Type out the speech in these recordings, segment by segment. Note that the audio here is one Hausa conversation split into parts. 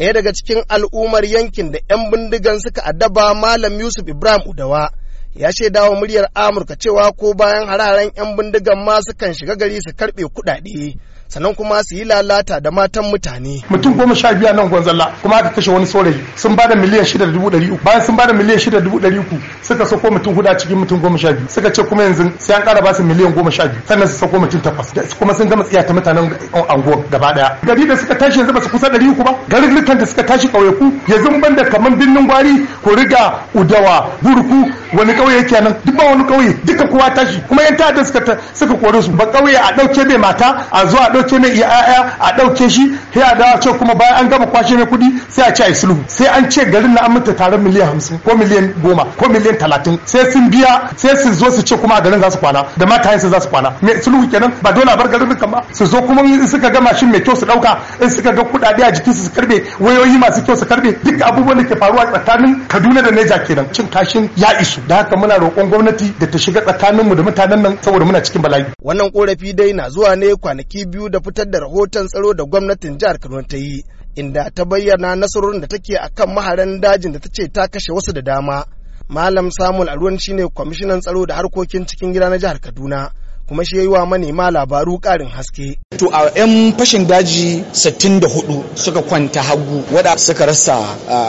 ɗaya daga cikin al'ummar yankin da 'yan bindigan suka adaba malam yusuf ibrahim udawa ya shaida wa muryar amurka cewa ko bayan hararen 'yan bindigan ma sukan shiga gari su karɓe kuɗaɗe sannan kuma su yi lalata da matan mutane mutum goma sha biya nan gwanzalla kuma aka kashe wani saurayi sun bada miliyan shida da dubu ɗari uku bayan sun bada miliyan shida da dubu ɗari uku suka sako mutum huda cikin mutum goma sha biyu suka ce kuma yanzu sai an ƙara basu miliyan goma sha biyu sannan su sako mutum takwas kuma sun gama tsiyata mutanen anguwa gaba ɗaya gari da suka tashi yanzu ba su kusa ɗari uku ba garurrukan da suka tashi ƙauyaku yanzu ban da kamar birnin gwari ko riga udawa burku wani ƙauye kenan duk ba wani ƙauye duka kowa tashi kuma yan ta'adda suka suka kore su ba ƙauye a ɗauke mai mata a zo a ɗauke mai ya'ya a ɗauke shi sai a dawo ce kuma bayan an gama kwashe mai kuɗi sai a ce a sulhu sai an ce garin na amince tare miliyan hamsin ko miliyan goma ko miliyan talatin sai sun biya sai su zo su ce kuma a garin za su kwana da matayen su za su kwana mai sulhu kenan ba dole a bar garin ba su zo kuma in suka ga mashin mai kyau su ɗauka in suka ga kuɗaɗe a jikin su karbe wayoyi masu kyau su karbe duk abubuwan da ke faruwa tsakanin Kaduna da Neja kenan cin kashin ya isu da haka muna roƙon gwamnati da ta shiga tsakaninmu da mutanen nan saboda muna cikin bala'i wannan korafi dai na zuwa ne kwanaki biyu da fitar da rahoton tsaro da gwamnatin jihar Kano ta yi inda ta bayyana nasarorin da take akan maharan dajin da ta ce ta kashe wasu da dama. Malam Samuel Aruwan shine kwamishinan tsaro da harkokin cikin gida na jihar Kaduna. kuma shi ya yi wa manema labaru karin haske. To a 'yan fashin daji 64 suka kwanta hagu wada suka rasa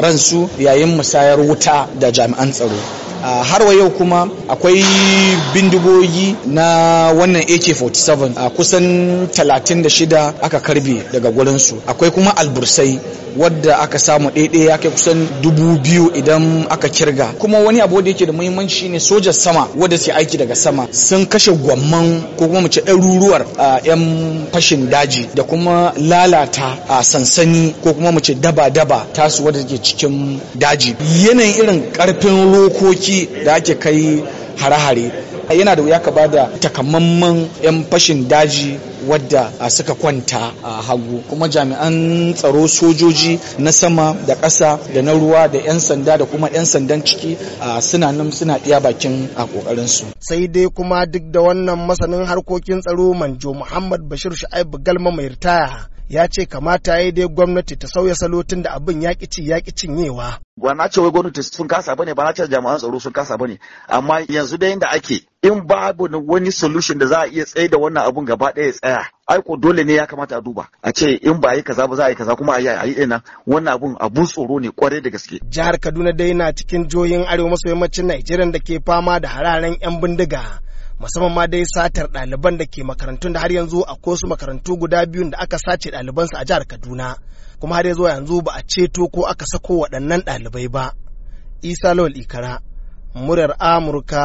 ransu yayin musayar wuta da jami'an tsaro. har wa yau kuma akwai bindigogi na wannan AK47 a kusan 36 aka karbe daga gurinsu akwai kuma albursai wadda aka samu daidai ya kai kusan dubu biyu idan aka kirga kuma wani abu da yake da muhimmanci ne sojan sama wadda su aiki daga sama sun kashe gwamman ko kuma mace ɗaruruwar a yan fashin daji da kuma lalata a sansani ko kuma mace daba-daba tasu wadda ke cikin daji yanayin irin ƙarfin rokoki da ake kai hare-hare yana da wuya ka ba da takamaiman 'yan fashin daji wadda suka kwanta a hagu kuma jami'an tsaro sojoji na sama da ƙasa da na ruwa da 'yan sanda da kuma 'yan sandan ciki suna nan suna iya bakin a ƙoƙarinsu. sai dai kuma duk da wannan masanin harkokin tsaro manjo muhammad bashir shu'aibu galma mai ritaya ya ce kamata ya dai gwamnati ta sauya salotin da abin ya ci ya cinyewa. Gwana wai gwamnati sun kasa bane ba na ce jami'an tsaro sun kasa bane amma yanzu da yadda ake in babu wani solution da za a iya tsaye da wannan abun gaba ɗaya tsaya aiko dole ne ya kamata a duba a ce in ba yi kaza ba za a yi kaza kuma a yi a wannan abun abun tsoro ne kwarai da gaske jihar kaduna dai na cikin jihohin arewa maso yammacin najeriya da ke fama da hararen yan bindiga musamman ma dai satar ɗaliban da ke makarantun da har yanzu a kosu makarantu guda biyun da aka sace ɗalibansu a jihar kaduna kuma har yanzu yanzu ba a ceto ko aka sako waɗannan ɗalibai ba isa lawal ikara murar amurka